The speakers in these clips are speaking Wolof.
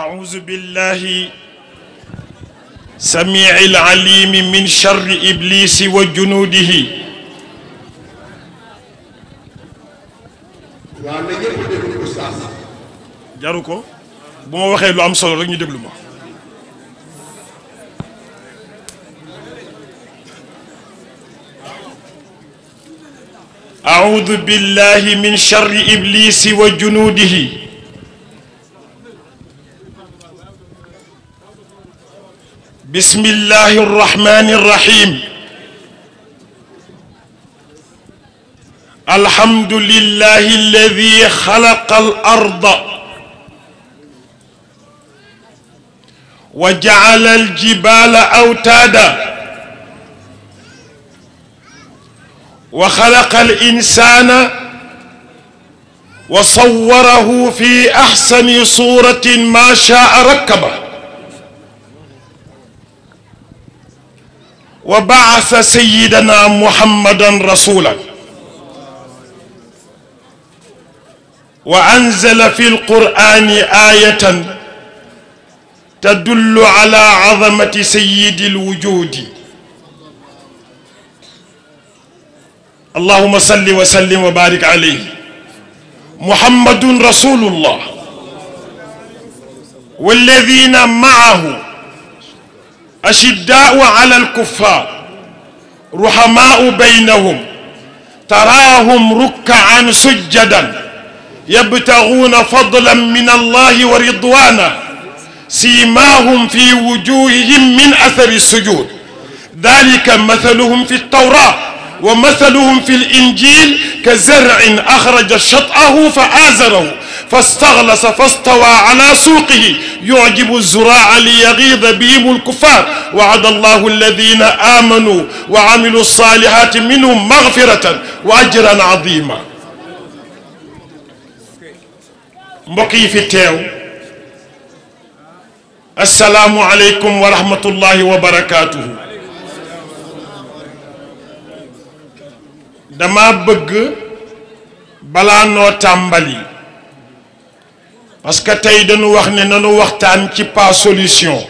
أعوذ بالله سميع العليم من شر إبليس وجنوده jaru ko bu ma waxee lu am solo rek ñu déglu ma أعوذ بالله من شر إبليس وجنوده بسم الله الرحمن الرحيم الحمد لله الذي خلق الأرض وجعل الجبال أوتادا وخلق الإنسان وصوره في أحسن صورة ما شاء ركبه wa baasa sayidana muhammadan rasula wa anzala fi lqurani aayatan tadullu ala azamati sayidi lwujudi allahuma salli wa sallim wa barik alayhi muhammadun rasulullah walladina maahu ashiddaau ala alkuffar ruhamaau baynahum taraahum rukkaan sujjadan yabtaguuna fadlan min allahi wa ridwana siimaahum fi wujuhihim min athari sujud dalika mathaluhum fi ltawra wa mathaluhum fi linjil ka zar'in axraja shat'ahu fa aazarahu فاستغلس فاستوى على سوقه يعجب الزراع ليغيظ بهم الكفار وعد الله الذين آمنوا وعملوا الصالحات منهم مغفرة وأجرا عظيما mbokk yi fi teew asalaamu aleykum wa rahmatullahi wa barakaatuhu dama bëgg balaa noo tàmbali parce que tey dañu wax ne nañu waxtaan ci pas solution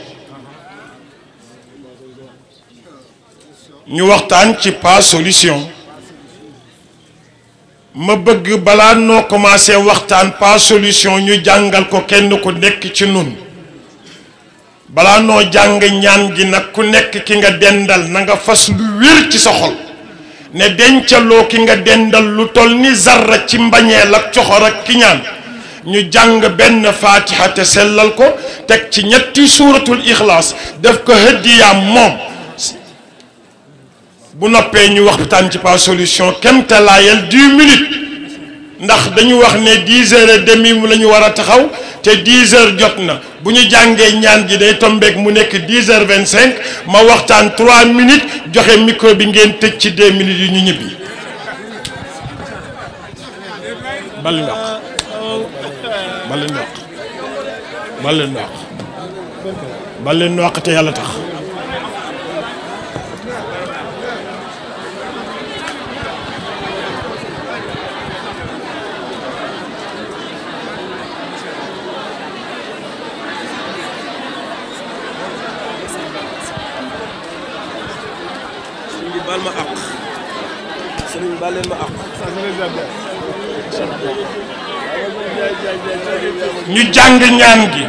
ñu waxtaan ci pas ma bëgg balaa noo commencé waxtaan pas solution ñu jàngal ko kenn ku nekk ci nun balaa noo jàng ñaan gi nag ku nekk ki nga dendal na nga fas lu wér ci sa xol ne dencaloo ki nga dendal lu toll ni zarra ci mbañeel ak coxor ak ki ñaan ñu jàng benn fatiha te sellal ko teg ci ñetti suuratul ixlaas def ko hëddiyaam moom bu noppee ñu waxtaan ci Par Solution kemtalaayal dix minutes ndax dañu wax ne dix heures et demi mu la ñu war a taxaw te dix heures jot na bu ñu jàngee ñaan gi day tombeek mu nekk dix heures vingt cinq ma waxtaan trois minutes joxe micro bi ngeen tëj ci deux minutes yu ñu ñibbi bal bal leen wàq bal leen wàq bal leen wàq te yàlla tax baal ma àq sëriñ baal leen ma àq ñu jàng ñaan gi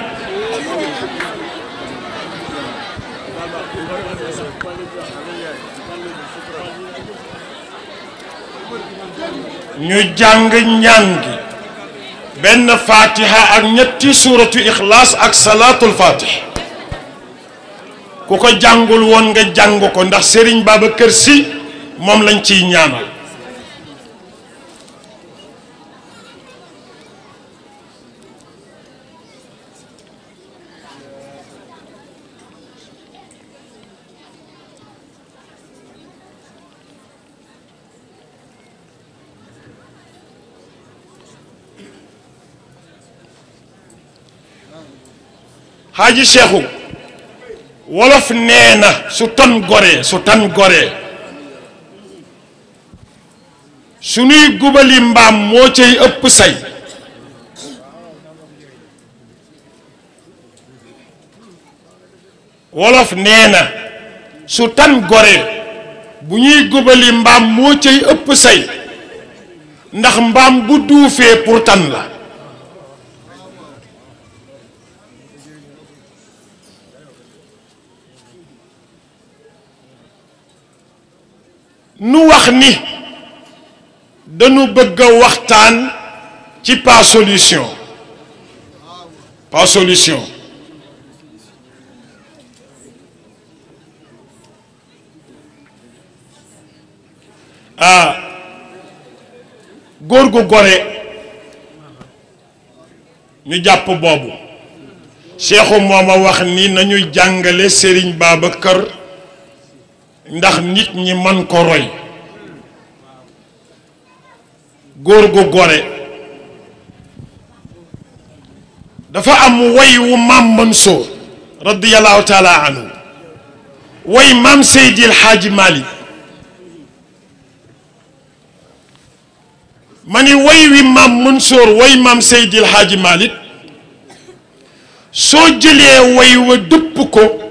ñu jàng ñaan gi benn fatiha ak ñetti suuratu ixlaas ak salaatul fatih ku ko jàngul woon nga jàng ko ndax Serigne Babacar Sy moom lañ ciy ñaanal xaaji seexu wolof nee na su tan goree su na su tan goree bu ñuy gubali mbaam moo cay ëpp say ndax mbaam bu duufee pour tan la nu wax ni dañu bëgg a waxtaan ci pas solution pas solution ah góor gu gore ñu jàpp boobu Cheikhu mooma wax ni nañu jàngale Serigne kër ndax nit ñi man ko roy góor gore dafa am way wu maam Mansour radiyallahu taala anhu way maam Seydi El Hadji Malick ma wi maam Mansour way maam Seydi El Hadji soo jëlee way wa dëpp ko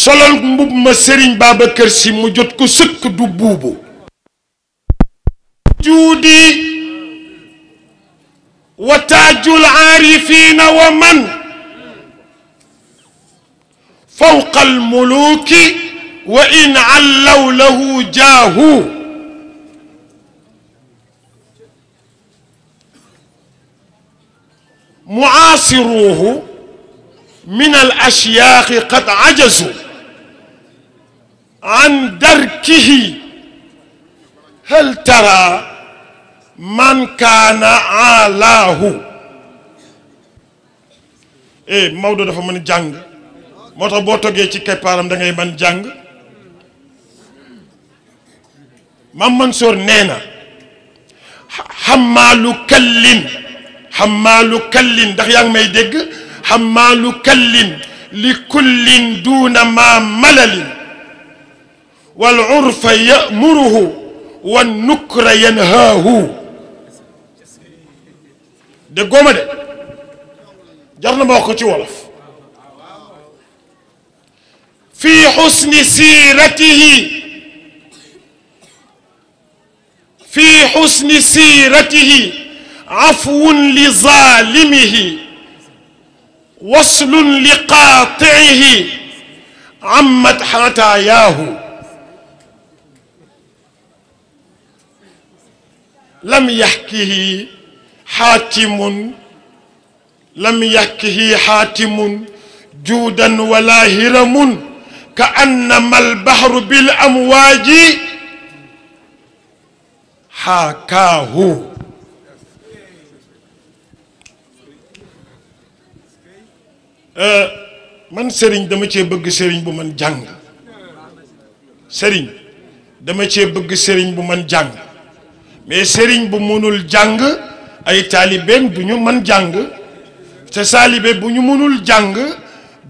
solal mbub ma sëriñ Babacar si mu jot ko sëkk du buubu juudi wa taajul aarifiina wa man fawqa almuluuki wa in allaw lahu jaahu muaasiruuhu min al ashyaaqi qad ajazu an darkihi hal tara man kaana alaahu e eh, Maodo dafa mën jàng moo tax boo toggee ci keppaaram da ngay mën jàng Maam Mansour nee na xamaalu kallin xamaalu kallin ndax yaa ngi may dégg حمال كل لكل دون ما ملل والعرف يأمره والنكر ينهاه déggoo ma de jar na ma wax ko ci wolof fii xusni siiratihi fii xusni siiratihi afwun li zaalimihi waslun li qaatiihi ammat xataayaahu lam yaxkihi xaatimun lam yaxkihi xaatimun juudan wala hiramun ka annama albaxru bil amwaaji xaakaahu Euh, man sëriñ dama cee bëgg sëriñ bu man jàng sëriñ dama cee bëgg sëriñ bu man jàng mais sëriñ bu mënul jàng ay taalibeem du ñu man jàng te taalibe bu ñu mënul jàng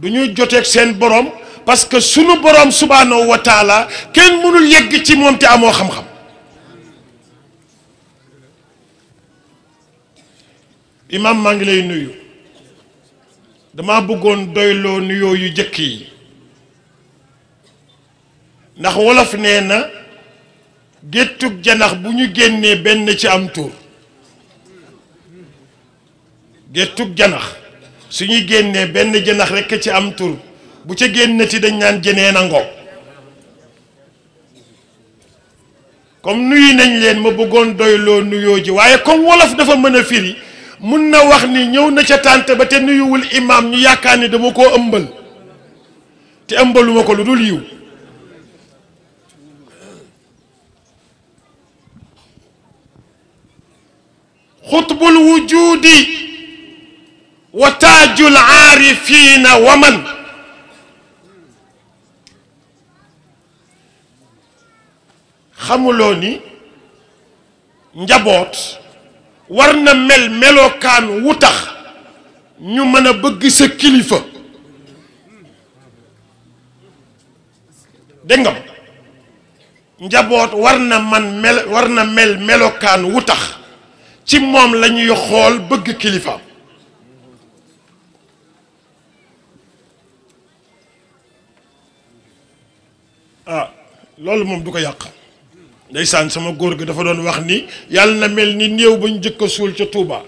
du ñu joteeg seen borom parce que sunu borom subhaanahu wa taala kenn mënul yegg ci moom te amoo xam-xam imaam maa ngi lay nuyu dama bëggoon doyloo nuyoo yu jëkk yi ndax wolof nee na géttug janax bu ñu génnee benn ci am tur géttug janax su ñu génnee benn janax rekk ci am tur bu ca génnati dañ naan jënee na ngoog comme nuyu nañ leen ma bëggoon doyloo nuyoo ji waaye comme wolof dafa mën a firi mun na wax ni ñëw na ca tànt ba te nuyuwul imaam ñu yaakaar ni dama koo ëmbal te ëmbaluma ko lu dul yiw xutbul wujudi wa taajul aarifiina wa man xamuloo ni njaboot war na mel melokaan wu tax ñu mën a bëgg sa kilifa dégg nga njaboot war na man mel war na mel melokaan wu tax ci moom lañuy ñuy xool bëgg kilifa ah loolu moom du ko yàq ndeysaan sama góor gi dafa doon wax ni yàlla na mel ni néew ba ñu jëkk a suul ca Touba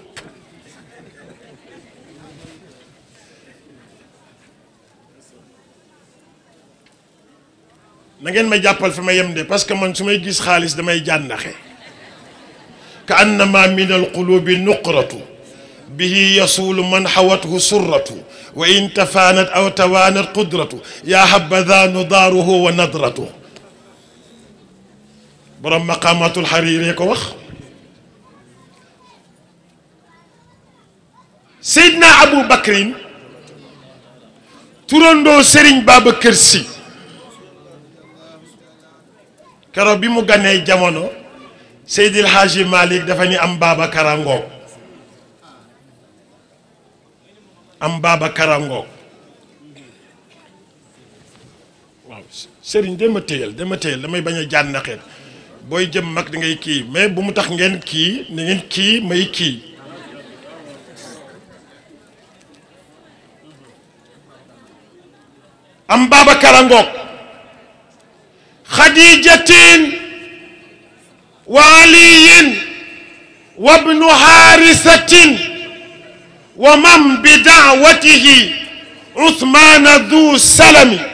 na ngeen ma jàppal fi ma yem de parce que man su may gis xaalis damay jànnaxe ka annama min alqulubi nuqratu bihi yasuulu man xawathu surratu wa in tafaanat aw tawaanat qudratu yaa habada nudaaruhu wa nadratu borom maqaamatul xariiri ko wax Seydina Abu Bakrin turandoo Serigne Babacar Sy keroog bi mu ganee jamono Seydil Hadji Malick dafa ni am Babacar a ngoog am Babacar a ngoog waaw Serigne dama téyal dama téyal damay bañ a jànnaxeet booy jëm mag da ngay ki mais bu mu tax ngeen kii na ngeen kii may kii am Babacar a ngoog xadijatin wa aliyin wa man bi daawatihi usmaana du salami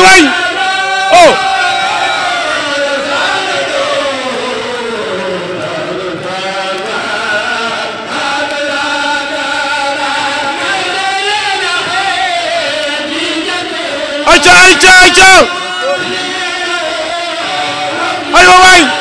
mooy wañ oh ayca ayca ayca aywa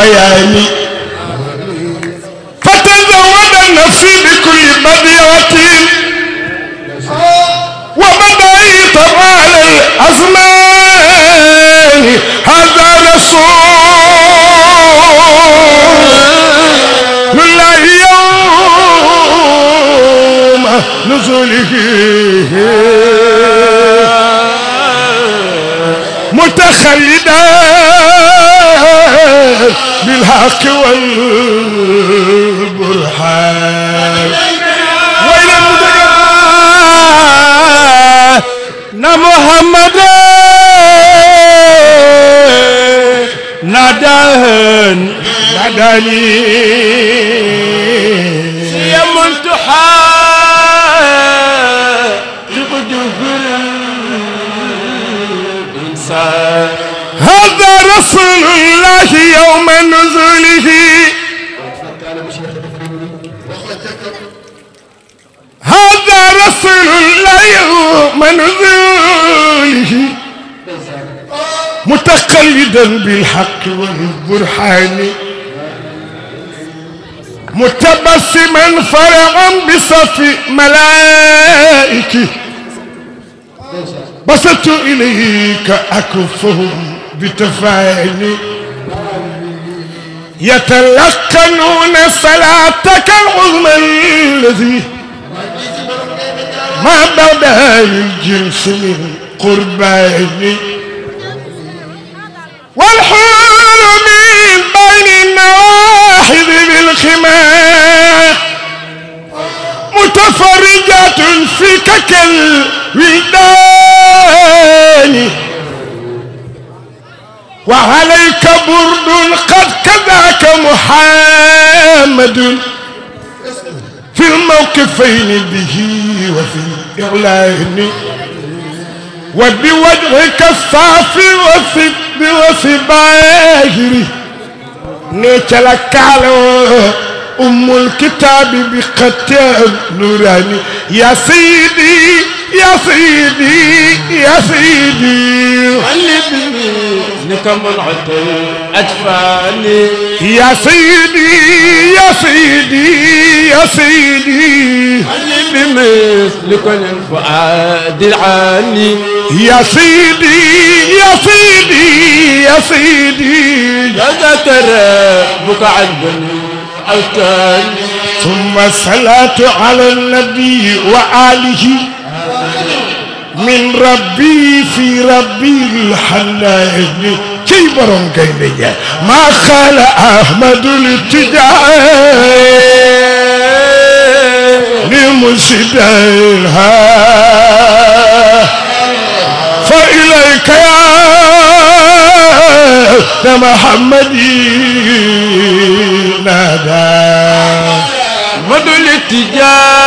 البيان فتزود النفسي بكل بديعة وبديت على الأزمان هذا رسول الله يوم نزوله متخلدا بالحق والبرهان وإلى المتقى محمد نادى نادى الله يوم نزوله هذا رسول الله يوم نزوله متقلدا بالحق والبرهان متبسما فرحا بصف ملائكه بسطت اليك اكفهم بتفاني يتلقنون صلاتك العظمى الذي ما بدا الجنس من قربان والحور من بين النواحذ بالخمار متفرجات فيك كالوداد وعليك برد قد كذاك محمد في الموقفين به وفي إعلان وبوجهك الصافي وفي وفي باهري نيتلك على أم الكتاب بقتال نوراني يا سيدي يا سيدي يا سيدي علمني نكم العتو أجفاني يا سيدي يا سيدي يا سيدي علمني مثلك الفؤاد العالي يا سيدي يا سيدي يا سيدي جزاك ربك عن بني أوتاني ثم الصلاة على النبي وآله min rabbi fi rabbi lxanaani ciy borom kay ndejaay maa xaala ahmadul tijaay li musidalha fa ilayka ya mahamadi nada madul tijaay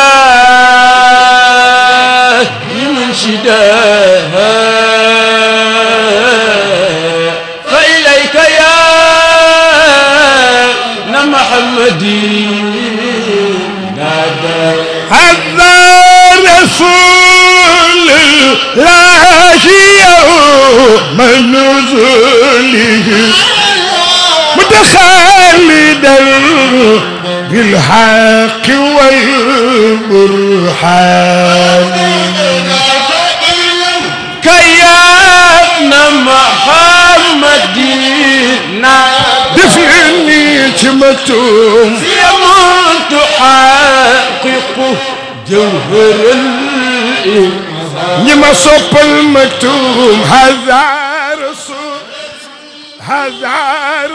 من نزله متخالدا بالحق والبرهان كيان محمد دفعني تمتم يموت حققه جوهر الإيمان ñi ma soppal maktum haza rasul haza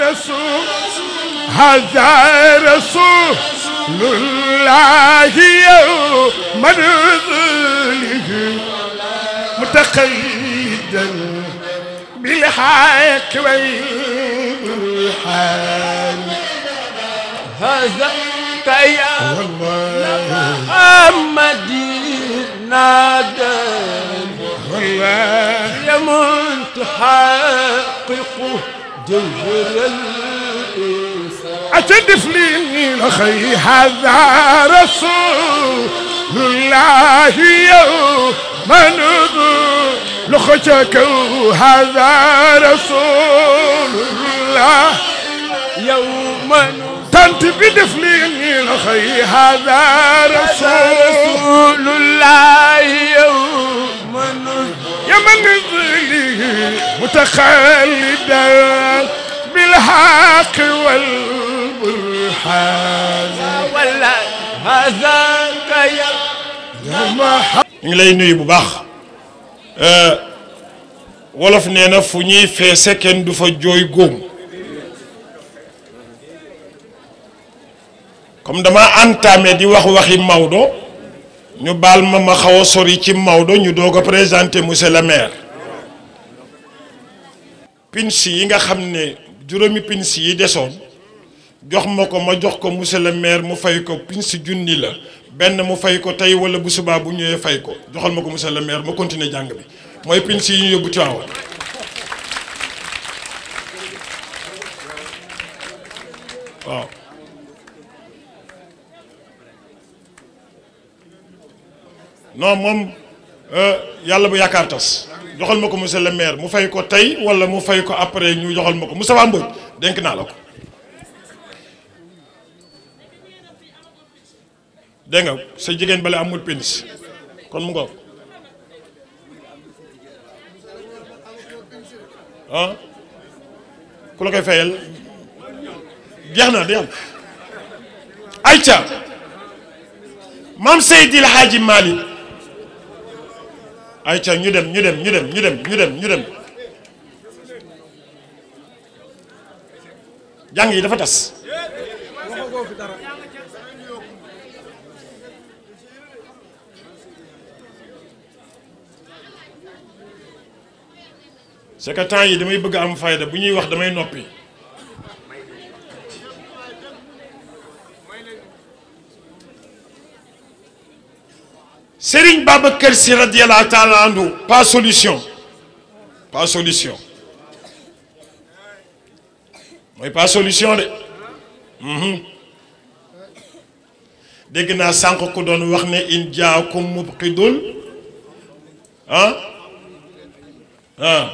rasul haza rasul lullahi yow madlihi mutaqayyidan bil haqq wal hal haza kaya والله محمد نادى هي تحقق جوهر أتدف لي لخي هذا رسول الله يوم نذور لخشك هذا رسول الله يوم تنت بدف لي لخي هذا رسول الله يوم كمن نزله متخلدا بالحق والبرهان ولا هذاك يا ñu ngi lay nuyu bu baax euh, wolof nee na fu ñuy feese kenn du fa jooy góom comme dama entamé di wax waxi Maodo ñu baal ma ma xaw a sori ci Maodo ñu doog a présenté monsieur le maire pince yi nga xam ne juróomi pince yi desoon jox ma ko ma jox ko monsieur le maire mu fay ko pince junni la benn mu fay ko tey wala bu subaa bu ñëwee fay ko joxal ma ko monsieur le maire ma continuer jàng bi mooy pince yi ñu yóbbu Tiwaawan waaw non moom euh, yàlla bu yaakaar tas joxal ma ko monsieur le maire mu fay ko tey wala mu fay ko après ñu joxal ma ko Moustapha Mbodj dénk naa la ko dégg sa jigéen bale amul pénis kon mu ngoog ah ku la koy fayal jeex na de ayca maam Seydil Hadji Malick ay ca ñu dem ñu dem ñu dem ñu dem ñu dem ñu dem jàng yi dafa tas c'est que temps yi damay bëgg am fayda bu ñuy wax damay noppi Serigne Babacar Sy radiyallahu taala anhu solution pas solution mooy pas solution de mhm. dégg naa sànq ko doon wax ne in jaakum mubqidun ah? Ah.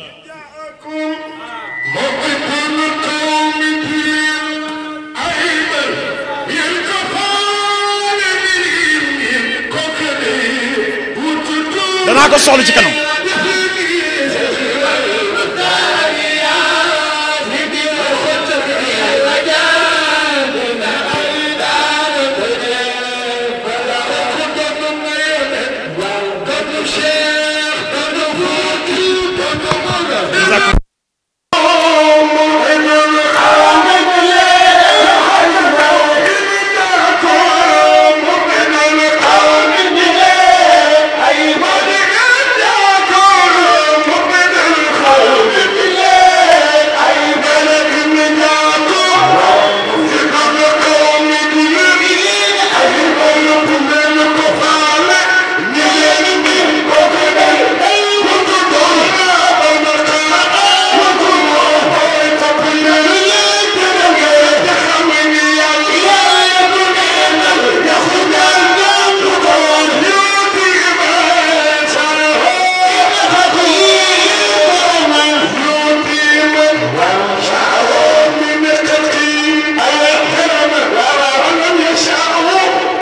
soxla ci kanam